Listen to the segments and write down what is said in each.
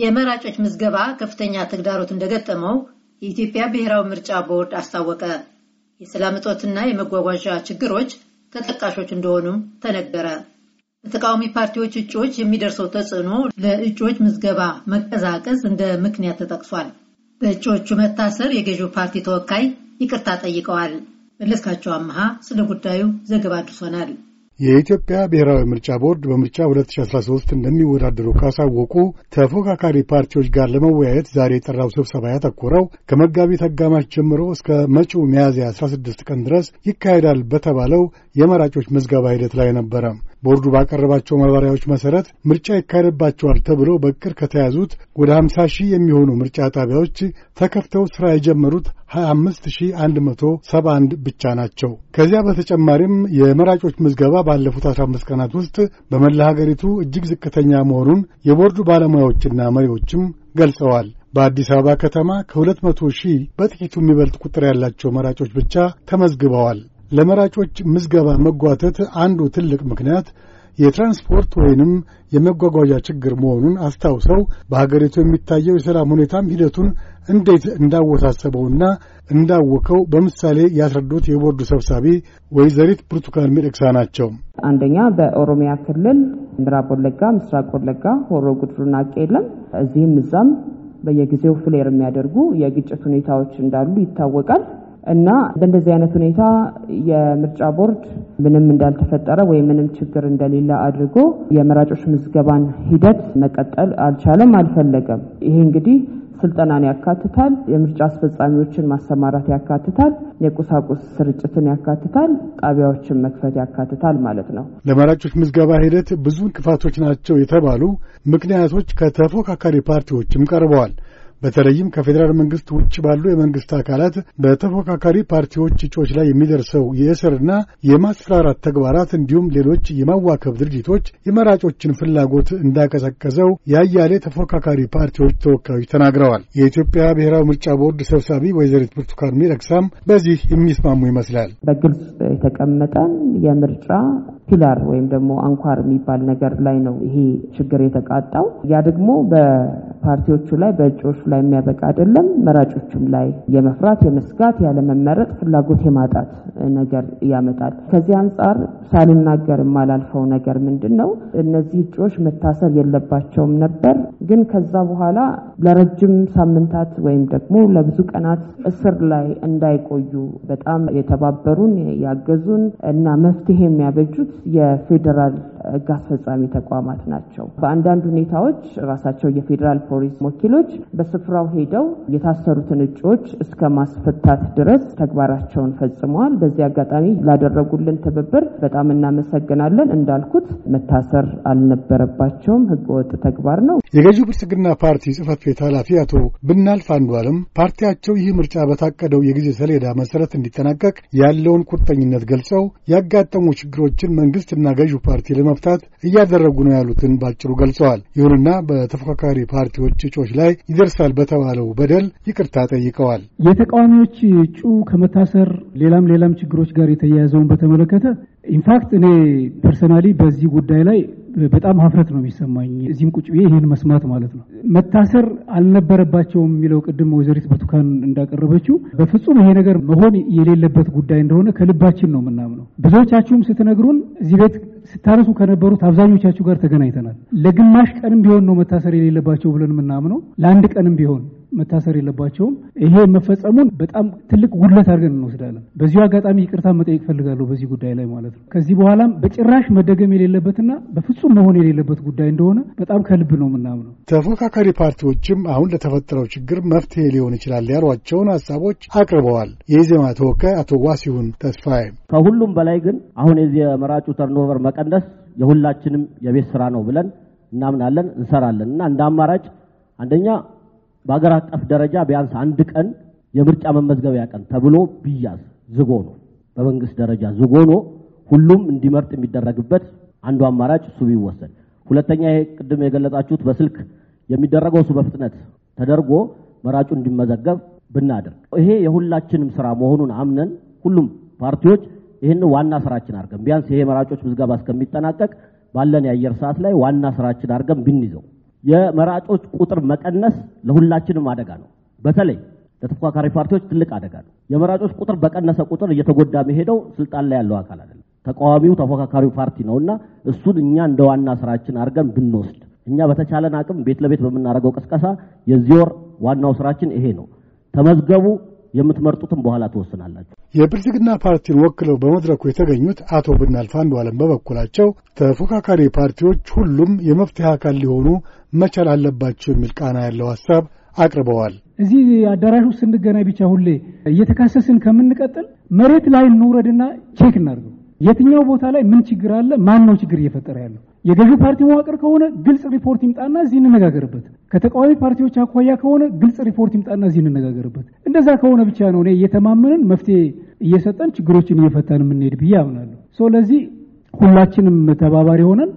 የመራጮች ምዝገባ ከፍተኛ ተግዳሮት እንደገጠመው የኢትዮጵያ ብሔራዊ ምርጫ ቦርድ አስታወቀ። የሰላም እጦትና የመጓጓዣ ችግሮች ተጠቃሾች እንደሆኑም ተነገረ። በተቃዋሚ ፓርቲዎች እጩዎች የሚደርሰው ተጽዕኖ ለእጩዎች ምዝገባ መቀዛቀዝ እንደ ምክንያት ተጠቅሷል። በእጩዎቹ መታሰር የገዢው ፓርቲ ተወካይ ይቅርታ ጠይቀዋል። መለስካቸው አመሃ ስለ ጉዳዩ ዘገባ አድርሶናል። የኢትዮጵያ ብሔራዊ ምርጫ ቦርድ በምርጫ 2013 እንደሚወዳደሩ ካሳወቁ ተፎካካሪ ፓርቲዎች ጋር ለመወያየት ዛሬ የጠራው ስብሰባ ያተኮረው ከመጋቢት አጋማሽ ጀምሮ እስከ መጪው ሚያዝያ 16 ቀን ድረስ ይካሄዳል በተባለው የመራጮች ምዝገባ ሂደት ላይ ነበረ። ቦርዱ ባቀረባቸው ማብራሪያዎች መሠረት ምርጫ ይካሄድባቸዋል ተብሎ በቅር ከተያዙት ወደ 50 ሺህ የሚሆኑ ምርጫ ጣቢያዎች ተከፍተው ሥራ የጀመሩት 25171 ብቻ ናቸው። ከዚያ በተጨማሪም የመራጮች ምዝገባ ባለፉት 15 ቀናት ውስጥ በመላ ሀገሪቱ እጅግ ዝቅተኛ መሆኑን የቦርዱ ባለሙያዎችና መሪዎችም ገልጸዋል። በአዲስ አበባ ከተማ ከሁለት መቶ ሺህ በጥቂቱ የሚበልጥ ቁጥር ያላቸው መራጮች ብቻ ተመዝግበዋል። ለመራጮች ምዝገባ መጓተት አንዱ ትልቅ ምክንያት የትራንስፖርት ወይንም የመጓጓዣ ችግር መሆኑን አስታውሰው በሀገሪቱ የሚታየው የሰላም ሁኔታም ሂደቱን እንዴት እንዳወሳሰበውና እንዳወከው በምሳሌ ያስረዱት የቦርዱ ሰብሳቢ ወይዘሪት ብርቱካን ሚደቅሳ ናቸው። አንደኛ በኦሮሚያ ክልል ምዕራብ ወለጋ፣ ምስራቅ ወለጋ፣ ሆሮ ጉድሩና ቄለም እዚህም እዛም በየጊዜው ፍሌር የሚያደርጉ የግጭት ሁኔታዎች እንዳሉ ይታወቃል። እና በእንደዚህ አይነት ሁኔታ የምርጫ ቦርድ ምንም እንዳልተፈጠረ ወይም ምንም ችግር እንደሌለ አድርጎ የመራጮች ምዝገባን ሂደት መቀጠል አልቻለም፣ አልፈለገም። ይሄ እንግዲህ ስልጠናን ያካትታል፣ የምርጫ አስፈጻሚዎችን ማሰማራት ያካትታል፣ የቁሳቁስ ስርጭትን ያካትታል፣ ጣቢያዎችን መክፈት ያካትታል ማለት ነው። ለመራጮች ምዝገባ ሂደት ብዙ እንቅፋቶች ናቸው የተባሉ ምክንያቶች ከተፎካካሪ ፓርቲዎችም ቀርበዋል። በተለይም ከፌዴራል መንግስት ውጭ ባሉ የመንግስት አካላት በተፎካካሪ ፓርቲዎች እጩዎች ላይ የሚደርሰው የእስርና የማስፈራራት ተግባራት እንዲሁም ሌሎች የማዋከብ ድርጊቶች የመራጮችን ፍላጎት እንዳቀሰቀሰው የአያሌ ተፎካካሪ ፓርቲዎች ተወካዮች ተናግረዋል። የኢትዮጵያ ብሔራዊ ምርጫ ቦርድ ሰብሳቢ ወይዘሪት ብርቱካን ሚደቅሳም በዚህ የሚስማሙ ይመስላል። በግልጽ የተቀመጠ የምርጫ ፒላር ወይም ደግሞ አንኳር የሚባል ነገር ላይ ነው ይሄ ችግር የተቃጣው። ያ ደግሞ በፓርቲዎቹ ላይ በእጩዎቹ ላይ የሚያበቃ አይደለም። መራጮቹም ላይ የመፍራት የመስጋት፣ ያለመመረጥ ፍላጎት የማጣት ነገር ያመጣል። ከዚህ አንጻር ሳልናገር የማላልፈው ነገር ምንድን ነው፣ እነዚህ እጩዎች መታሰር የለባቸውም ነበር። ግን ከዛ በኋላ ለረጅም ሳምንታት ወይም ደግሞ ለብዙ ቀናት እስር ላይ እንዳይቆዩ በጣም የተባበሩን ያገዙን እና መፍትሄ የሚያበጁት የፌዴራል ሕግ አስፈጻሚ ተቋማት ናቸው። በአንዳንድ ሁኔታዎች ራሳቸው የፌዴራል ፖሊስ ወኪሎች በስፍራው ሄደው የታሰሩትን እጩዎች እስከ ማስፈታት ድረስ ተግባራቸውን ፈጽመዋል። በዚህ አጋጣሚ ላደረጉልን ትብብር በጣም እናመሰግናለን። እንዳልኩት መታሰር አልነበረባቸውም፣ ህገወጥ ተግባር ነው። የገዢው ብልጽግና ፓርቲ ጽህፈት ቤት ኃላፊ አቶ ብናልፍ አንዱ አለም ፓርቲያቸው ይህ ምርጫ በታቀደው የጊዜ ሰሌዳ መሰረት እንዲጠናቀቅ ያለውን ቁርጠኝነት ገልጸው ያጋጠሙ ችግሮችን መንግሥትና ገዢው ፓርቲ ለመፍታት እያደረጉ ነው ያሉትን ባጭሩ ገልጸዋል። ይሁንና በተፎካካሪ ፓርቲዎች እጩዎች ላይ ይደርሳል በተባለው በደል ይቅርታ ጠይቀዋል። የተቃዋሚዎች እጩ ከመታሰር ሌላም ሌላም ችግሮች ጋር የተያያዘውን በተመለከተ ኢንፋክት እኔ ፐርሰናሊ በዚህ ጉዳይ ላይ በጣም ሀፍረት ነው የሚሰማኝ። እዚህም ቁጭ ብዬ ይህን መስማት ማለት ነው። መታሰር አልነበረባቸውም የሚለው ቅድም ወይዘሪት ብርቱካን እንዳቀረበችው በፍጹም ይሄ ነገር መሆን የሌለበት ጉዳይ እንደሆነ ከልባችን ነው የምናምነው። ብዙዎቻችሁም ስትነግሩን እዚህ ቤት ስታነሱ ከነበሩት አብዛኞቻችሁ ጋር ተገናኝተናል። ለግማሽ ቀንም ቢሆን ነው መታሰር የሌለባቸው ብለን የምናምነው፣ ለአንድ ቀንም ቢሆን መታሰር የለባቸውም። ይሄ መፈጸሙን በጣም ትልቅ ጉድለት አድርገን እንወስዳለን። በዚሁ አጋጣሚ ይቅርታ መጠየቅ ፈልጋለሁ በዚህ ጉዳይ ላይ ማለት ነው። ከዚህ በኋላም በጭራሽ መደገም የሌለበትና በፍጹም መሆን የሌለበት ጉዳይ እንደሆነ በጣም ከልብ ነው የምናምነው። ተፎካካሪ ፓርቲዎችም አሁን ለተፈጠረው ችግር መፍትሄ ሊሆን ይችላል ያሏቸውን ሀሳቦች አቅርበዋል። የኢዜማ ተወካይ አቶ ዋሲሁን ተስፋዬ ከሁሉም በላይ ግን አሁን የዚህ የመራጩ ተርኖቨር መቀነስ የሁላችንም የቤት ስራ ነው ብለን እናምናለን፣ እንሰራለን እና እንደ አማራጭ አንደኛ በአገር አቀፍ ደረጃ ቢያንስ አንድ ቀን የምርጫ መመዝገቢያ ቀን ተብሎ ቢያዝ ዝግ ሆኖ በመንግስት ደረጃ ዝግ ሆኖ ሁሉም እንዲመርጥ የሚደረግበት አንዱ አማራጭ እሱ ቢወሰድ፣ ሁለተኛ ይሄ ቅድም የገለጻችሁት በስልክ የሚደረገው እሱ በፍጥነት ተደርጎ መራጩ እንዲመዘገብ ብናደርግ ይሄ የሁላችንም ስራ መሆኑን አምነን ሁሉም ፓርቲዎች ይህን ዋና ስራችን አድርገን ቢያንስ ይሄ መራጮች ምዝገባ እስከሚጠናቀቅ ባለን የአየር ሰዓት ላይ ዋና ስራችን አድርገን ብንይዘው የመራጮች ቁጥር መቀነስ ለሁላችንም አደጋ ነው። በተለይ ለተፎካካሪ ፓርቲዎች ትልቅ አደጋ ነው። የመራጮች ቁጥር በቀነሰ ቁጥር እየተጎዳ መሄደው ስልጣን ላይ ያለው አካል አይደለም፣ ተቃዋሚው ተፎካካሪው ፓርቲ ነውና እሱን እኛ እንደ ዋና ስራችን አድርገን ብንወስድ እኛ በተቻለን አቅም ቤት ለቤት በምናደርገው ቅስቀሳ የዚህ ወር ዋናው ስራችን ይሄ ነው። ተመዝገቡ፣ የምትመርጡትም በኋላ ትወስናላችሁ። የብልጽግና ፓርቲን ወክለው በመድረኩ የተገኙት አቶ ብናልፍ አለም በበኩላቸው ተፎካካሪ ፓርቲዎች ሁሉም የመፍትሄ አካል ሊሆኑ መቻል አለባቸው የሚል ቃና ያለው ሀሳብ አቅርበዋል። እዚህ አዳራሽ ውስጥ ስንገናኝ ብቻ ሁሌ እየተካሰስን ከምንቀጥል መሬት ላይ እንውረድና ቼክ እናድርገው የትኛው ቦታ ላይ ምን ችግር አለ? ማን ነው ችግር እየፈጠረ ያለው? የገዢው ፓርቲ መዋቅር ከሆነ ግልጽ ሪፖርት ይምጣና እዚህ እንነጋገርበት። ከተቃዋሚ ፓርቲዎች አኳያ ከሆነ ግልጽ ሪፖርት ይምጣና እዚህ እንነጋገርበት። እንደዛ ከሆነ ብቻ ነው እኔ እየተማመንን መፍትሄ እየሰጠን ችግሮችን እየፈታን የምንሄድ ብዬ አምናለሁ። ስለዚህ ሁላችንም ተባባሪ ሆነን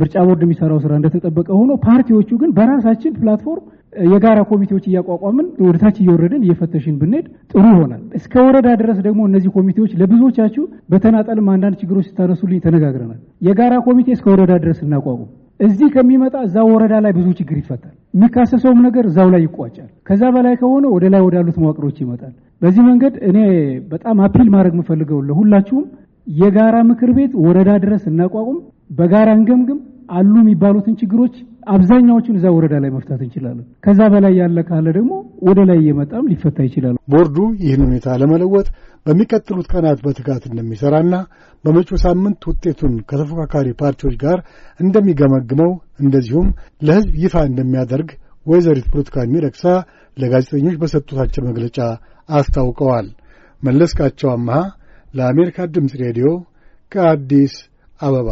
ምርጫ ቦርድ የሚሰራው ስራ እንደተጠበቀ ሆኖ ፓርቲዎቹ ግን በራሳችን ፕላትፎርም የጋራ ኮሚቴዎች እያቋቋምን ወደታች እየወረድን እየፈተሽን ብንሄድ ጥሩ ይሆናል። እስከ ወረዳ ድረስ ደግሞ እነዚህ ኮሚቴዎች ለብዙዎቻችሁ በተናጠልም አንዳንድ ችግሮች ስታነሱልኝ ተነጋግረናል። የጋራ ኮሚቴ እስከ ወረዳ ድረስ እናቋቁም። እዚህ ከሚመጣ እዛ ወረዳ ላይ ብዙ ችግር ይፈታል። የሚካሰሰውም ነገር እዛው ላይ ይቋጫል። ከዛ በላይ ከሆነ ወደ ላይ ወዳሉት መዋቅሮች ይመጣል። በዚህ መንገድ እኔ በጣም አፒል ማድረግ የምፈልገው ለሁላችሁም የጋራ ምክር ቤት ወረዳ ድረስ እናቋቁም፣ በጋራ እንገምግም። አሉ የሚባሉትን ችግሮች አብዛኛዎቹን እዛ ወረዳ ላይ መፍታት እንችላለን። ከዛ በላይ ያለ ካለ ደግሞ ወደ ላይ እየመጣም ሊፈታ ይችላል። ቦርዱ ይህን ሁኔታ ለመለወጥ በሚቀጥሉት ቀናት በትጋት እንደሚሰራና በመጪው ሳምንት ውጤቱን ከተፎካካሪ ፓርቲዎች ጋር እንደሚገመግመው እንደዚሁም ለሕዝብ ይፋ እንደሚያደርግ ወይዘሪት ፖለቲካ ሚደቅሳ ለጋዜጠኞች በሰጡታቸው መግለጫ አስታውቀዋል። መለስካቸው አምሃ ለአሜሪካ ድምፅ ሬዲዮ ከአዲስ አበባ